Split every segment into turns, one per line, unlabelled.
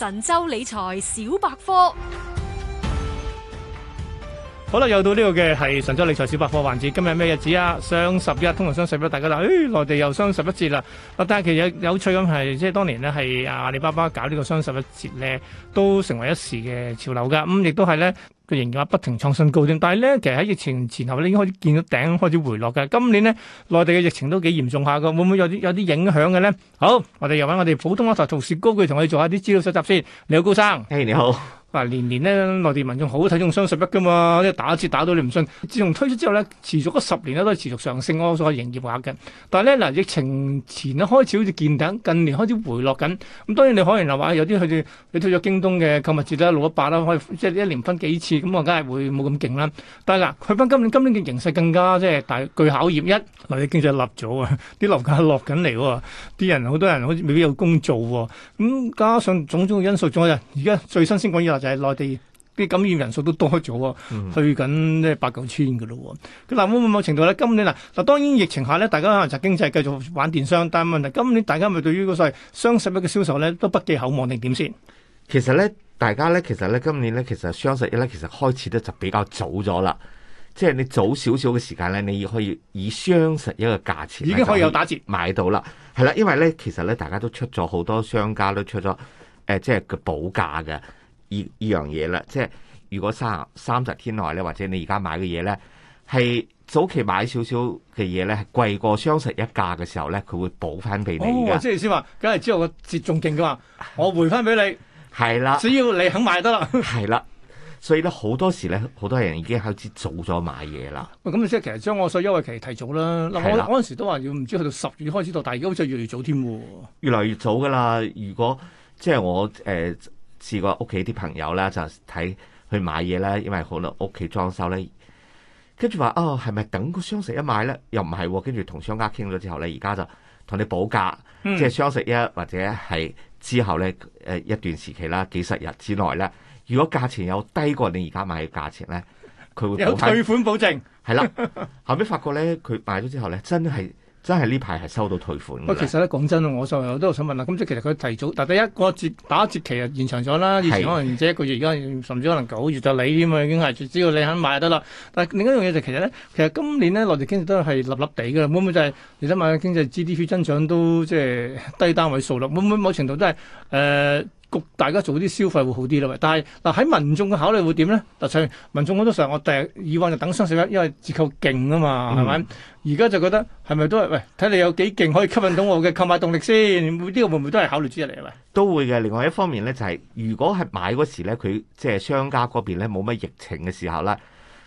神州理財小百科，
好啦，又到呢個嘅係神州理財小百科環節。今日咩日子啊？雙十一，通常雙十一，大家啦，誒，內地又雙十一節啦。但係其實有，有趣咁係，即係當年咧係阿里巴巴搞呢個雙十一節咧，都成為一時嘅潮流噶。咁、嗯、亦都係咧。嘅營業額不停創新高添，但係咧，其實喺疫情前後咧已經開始見到頂，開始回落嘅。今年咧，內地嘅疫情都幾嚴重下嘅，會唔會有啲有啲影響嘅咧？好，我哋又揾我哋普通話台同事高鉅，佢同我哋做下啲資料收集先。先 hey, 你好，高生，嗯。誒，你好。啊，年年咧內地民眾好睇中雙十一噶嘛，即係打折打到你唔信。自從推出之後咧，持續十年咧都係持續上升所以營業額嘅。但係咧嗱，疫情前咧開始好似見頂，近年開始回落緊。咁當然你可能又話有啲去哋佢推咗京東嘅購物節啦，六一八啦，可以即係一年分幾次咁，我梗係會冇咁勁啦。但係嗱，佢翻今年今年嘅形勢更加即係大巨考驗一，嗱，內地經濟立咗啊，啲樓價落緊嚟喎，啲人好多人好似未必有工做喎。咁加上種種因素仲有，而家最新先講就係內地啲感染人數都多咗啊，去緊咧八九千嘅咯喎。咁難唔難某程度咧？今年嗱嗱當然疫情下咧，大家可能就經濟即係繼續玩電商，但係問題今年大家咪對於嗰個係雙十一嘅銷售咧，都不寄
厚望定點先？其實咧，大家咧，其實咧，今年咧，其實雙十一咧，其實開始得就比較早咗啦。即係你早少少嘅時間咧，你可以以雙十一嘅價錢已經可以有打折買到啦。係啦，因為咧，其實咧，大家都出咗好多商家都出咗誒、呃，即係個保價嘅。呢依樣嘢啦，即係如果三三十天內咧，或者你而家買嘅嘢咧，係早期買少少嘅嘢咧，係貴過雙十一價嘅時候咧，佢會補翻俾你。哦、即我即係先話，梗係之後個折仲勁噶嘛，我回翻俾你。係啦 的，只要你肯買得啦。係 啦，所以咧，好多時咧，好多人已經開始早咗買嘢啦。
咁即係其實將我個稅優惠期提早啦。嗱的，我嗰陣時都話要唔知去到十月開始到，但係而家好似越嚟越早添。越
嚟越早噶啦，如果即係我誒。呃呃呃呃試過屋企啲朋友啦，就睇去買嘢啦，因為可能屋企裝修咧，跟住話哦，係咪等個雙十一買咧？又唔係喎，跟住同商家傾咗之後咧，而家就同你保價，嗯、即係雙十一或者係之後咧誒一段時期啦，幾十日之內咧，如果價錢有低過你而家買嘅價錢咧，佢會有退款保證。係 啦，後尾發覺咧，佢買咗之後咧，真係～真係呢排係收到退款。不過其實
咧講真我就我都想問啦。咁即係其實佢提早，但第一個折打折期啊延長咗啦。以前可能只一個月，而家甚至可能九月就你添嘛，已經係只要你肯買就得啦。但係另一樣嘢就其實咧，其實今年咧內地經濟都係立立地㗎。會唔會就係你想問嘅經濟 GDP 增長都即係、就是、低單位數啦？會唔會某程度都係誒？呃焗大家做啲消費會好啲啦，但係嗱喺民眾嘅考慮會點呢？嗱，民眾好多時候我第以往就等雙十一，因為折扣勁啊嘛，係咪？而家、嗯、就覺得係咪都係喂，睇你有幾勁可以吸引到我嘅購買動力先？呢、這個會唔會都係考慮之一嚟啊？喂，
都會嘅。另外一方面呢，就係、是、如果係買嗰時咧，佢即係商家嗰邊咧冇乜疫情嘅時候咧，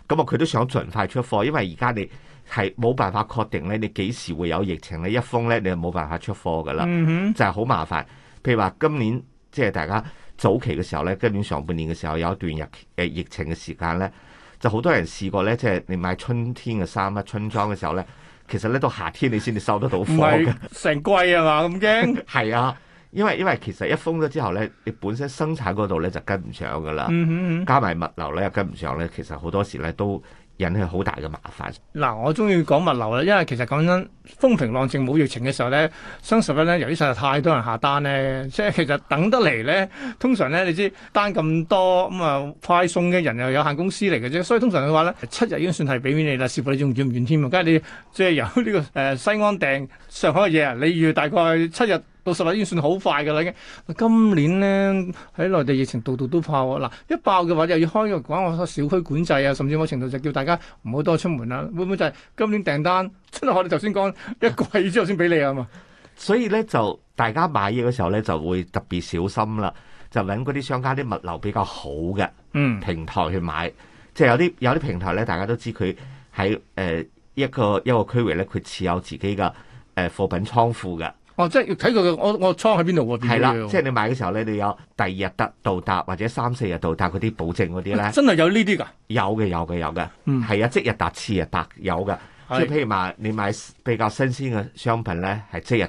咁啊佢都想盡快出貨，因為而家你係冇辦法確定咧，你幾時會有疫情咧？一封呢，你就冇辦法出貨噶啦，嗯、哼 就係好麻煩，譬如話今年。即係大家早期嘅時候呢，今年上半年嘅時候有一段疫誒疫情嘅時間呢，就好多人試過呢。即係你買春天嘅衫啊、春裝嘅時候呢，其實呢，到夏天你先至收得到貨，成季呀嘛咁驚？係 啊，因為因為其實一封咗之後呢，你本身生產嗰度呢就跟唔上噶啦，嗯嗯嗯，加埋物流呢又跟唔上呢，其實好多時呢都，引起好大嘅麻煩。
嗱，我中意講物流啦，因為其實講真，風平浪靜冇疫情嘅時候咧，雙十一咧，由於實在太多人下單咧，即係其實等得嚟咧，通常咧你知單咁多，咁啊快送嘅人又有限公司嚟嘅啫，所以通常嘅話咧，七日已經算係俾面你啦，視乎你仲遠唔遠添？梗係你即係由呢個誒西安訂上海嘅嘢啊，你要大概七日。到實話已經算好快嘅啦，已經。今年咧，喺內地疫情度度都爆啊！嗱，一爆嘅話又要開個講我個小區管制啊，甚至某程度就叫大家唔好多出門啦。會唔會就係今年訂單？出係我哋頭先講
一季之後先俾你啊嘛。 吧所以咧就大家買嘢嘅時候咧就會特別小心啦，就揾嗰啲商家啲物流比較好嘅嗯平台去買，即係、嗯、有啲有啲平台咧，大家都知佢喺誒一個一個區域咧佢設有自己嘅誒貨品倉庫嘅。哦，即係要睇佢嘅，我我倉喺邊度喎？係啦，即係你買嘅時候咧，你有第二日達到達或者三四日到達嗰啲保證嗰啲咧？真係有呢啲噶？有嘅，有嘅，有嘅，係啊，即日達次日達有嘅。即係譬如話你買比較新鮮嘅商品咧，係即日。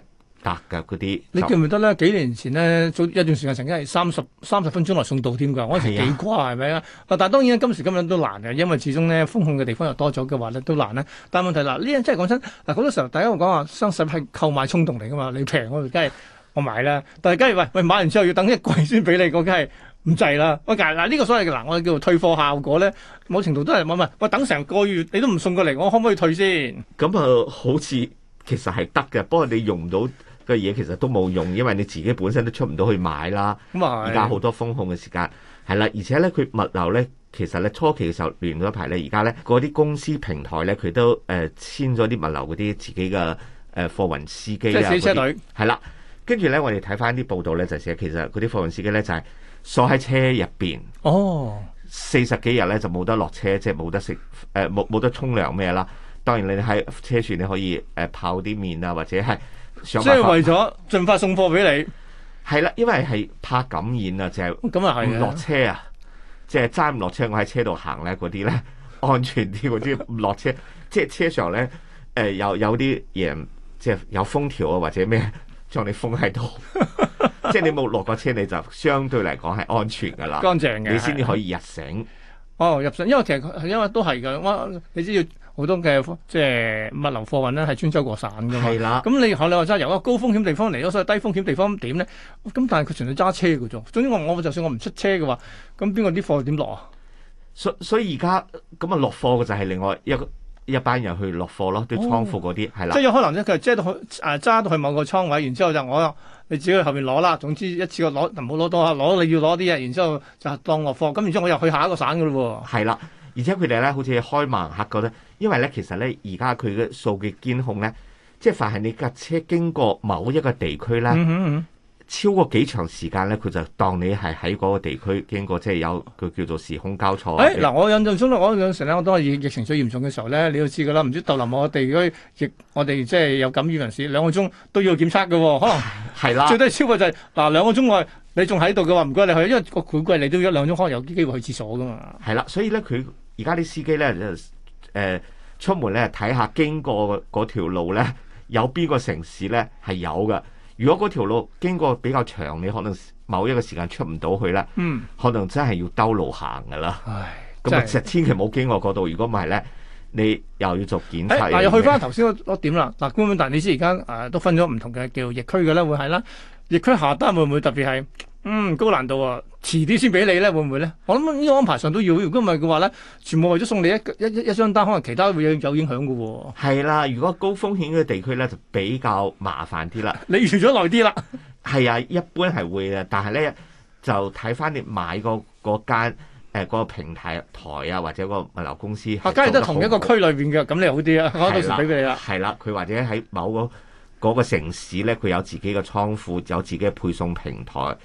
得嘅嗰啲，你記唔記
得咧？幾年前呢，早一段時間曾經係三十三十分鐘內送到添㗎。嗰陣時幾誇係咪啊？嗱，但係當然今時今日都難嘅，因為始終呢封控嘅地方又多咗嘅話咧，都難咧。但係問題嗱，呢樣即係講真嗱，好、啊、多時候大家會講話雙十一購買衝動嚟㗎嘛，你平我哋梗係我買啦。但係假如喂喂買完之後要等一季先俾你，我梗係唔濟啦。喂嗱嗱呢個所謂嘅嗱我哋叫做退貨效果咧，某
程度都係問喂等成個月你都唔送過嚟，我可唔可以退先？咁啊，好似其實係得嘅，不過你用唔到，個嘢其實都冇用，因為你自己本身都出唔到去買啦。而家好多封控嘅時間係啦，而且咧佢物流咧，其實咧初期嘅時候亂嗰排咧，而家咧嗰啲公司平台咧，佢都誒簽咗啲物流嗰啲自己嘅誒、呃、貨運司機啊，即係小車隊係啦。跟住咧，我哋睇翻啲報道咧，就是、寫其實嗰啲貨運司機咧就係、是、鎖喺車入邊哦，四十幾日咧就冇得落車，即係冇得食誒，冇、呃、冇得沖涼咩啦。當然你喺車船你可以誒泡啲麵啊，或者係。即係為咗盡快送貨俾你，係啦，因為係怕感染啊，就咁啊係落車啊，即係揸唔落車，我喺車度行咧，嗰啲咧安全啲，我知唔落車，即係車上咧，誒，有有啲嘢，即係有封條啊，或者咩將你封喺度，即係你冇落過車，你就相對嚟講係安全噶啦，乾淨嘅，你先至可以入
城。哦，入城，因為其實因為都係噶，我你知要。好多嘅即係物流貨運咧，係穿梭各省噶嘛。係啦。咁你何你話由一個高風險地方嚟咗，所以低風險地方點咧？咁但係佢全係揸車
嘅啫。總之我我就算我唔出車嘅話，咁邊個啲貨點落啊？所所以而家咁啊落貨嘅就係另外一個一班人去落貨咯，啲倉庫嗰啲係啦。即係有可能
咧，佢即係去誒揸到去某個倉位，然之後就我
你自己去後邊攞啦。總之一次過攞，唔好攞多啊。攞你要攞啲嘢，然之後就當落貨。咁然之後我又去下一個省噶咯喎。係啦。而且佢哋咧，好似開盲盒咁咧，因為咧，其實咧，而家佢嘅數據監控咧，即係凡係你架車經過某一個地區咧，超過幾長時間咧，佢就當你係喺嗰個地區經過，即係有個叫做時空交錯、啊哎。嗱，
我印象中我有時咧，我都係疫情最嚴重嘅時候咧，你都知噶啦，唔知逗留我哋嗰啲我哋即係有感染人士兩個鐘都要檢測嘅喎、哦，可能係啦，最低超過就嗱、是、兩個鐘外，你仲喺度嘅話，唔該你去，因為個半個你都要
一兩鐘可能有啲機會去廁所噶嘛，係啦、哎，所以咧，佢。而家啲司機咧，誒、呃、出門咧，睇下經過嗰條路咧，有邊個城市咧係有嘅。如果嗰條路經過比較長，你可能某一個時間出唔到去啦。嗯，可能真係要兜路行噶啦。咁啊唉，實千祈冇經過嗰度。如果唔係咧，你又要做檢測。嗱，又去翻頭
先嗰點啦。嗱，咁但係你知而家誒都分咗唔同嘅叫疫區嘅咧，會係啦。疫區下單會唔會特別係？嗯，高難度啊！遲啲先俾你咧，會唔會咧？我諗呢個安排上都要，如果唔係嘅話咧，全部
為咗送你一一一張單，可能其他會有有影響噶、啊。係啦，如果高風險嘅地區咧，就比較麻煩啲啦。你預咗耐啲啦。係啊，一般係會嘅，但係咧就睇翻你買嗰間誒，呃嗰個平台台啊，或者個物流公司、啊。吓，梗係都同一個區裏邊
嘅，咁的你好啲啊。到時俾俾
你啦。係啦，佢或者喺某個、嗰個城市咧，佢有自己嘅倉庫，有自己嘅配送平台。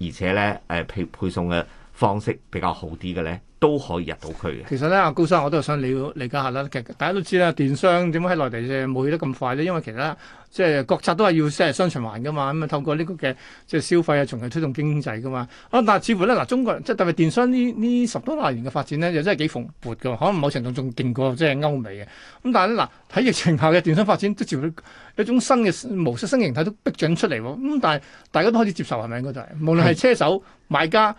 而且咧，誒、呃，配配送嘅方式比較好啲嘅咧，都可以入到區嘅。其實
咧，阿高生，我都係想了理解下啦。其實大家都知啦，電商點解喺內地就冇去得咁快咧？因為其他，其實即係國策都係要即係雙循環噶嘛。咁啊，透過呢個嘅即係消費啊，從而推動經濟噶嘛。啊，但係似乎咧嗱，中國人即係特別電商呢呢十多廿年嘅發展咧，又真係幾蓬勃噶。可能某程度仲勁過即係歐美嘅。咁但係咧嗱，喺、啊、疫情下嘅電商發展都似乎一種新嘅模式、新形態都逼進出嚟喎。咁但係大家都開始接受係咪應該就係無論係車手、買家。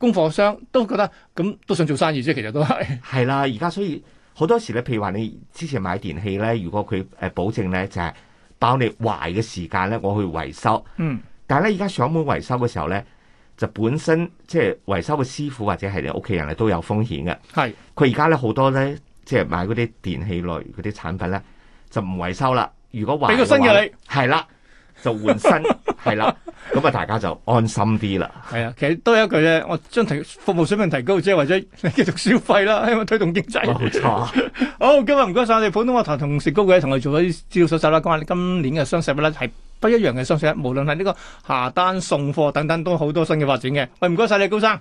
供貨商都覺得咁都想做生意啫，其實都係、啊。
係啦，而家所以好多時咧，譬如話你之前買電器咧，如果佢誒保證咧就係、是、包你壞嘅時間咧，我去維修。嗯但呢。但係咧，而家上門維修嘅時候咧，就本身即係維修嘅師傅或者係你屋企人咧都有風險嘅。係是。佢而家咧好多咧，即、就、係、是、買嗰啲電器類嗰啲產品咧，就唔維修啦。如果壞，俾個新嘅你。係啦，就換新，係啦。 咁啊，大家就安心啲
啦。係啊，其實都係一句啫，我將提服務水平提高，即係為咗繼續消費啦，推動經濟。冇錯錯。 好，今日唔該晒我哋普通話台同事高鉅同我做咗啲資料手手啦。講下你今年嘅雙十一啦，係不一樣嘅雙十一，無論係呢個下單、送貨等等，都好多新嘅發展嘅。喂，唔該晒你，高生。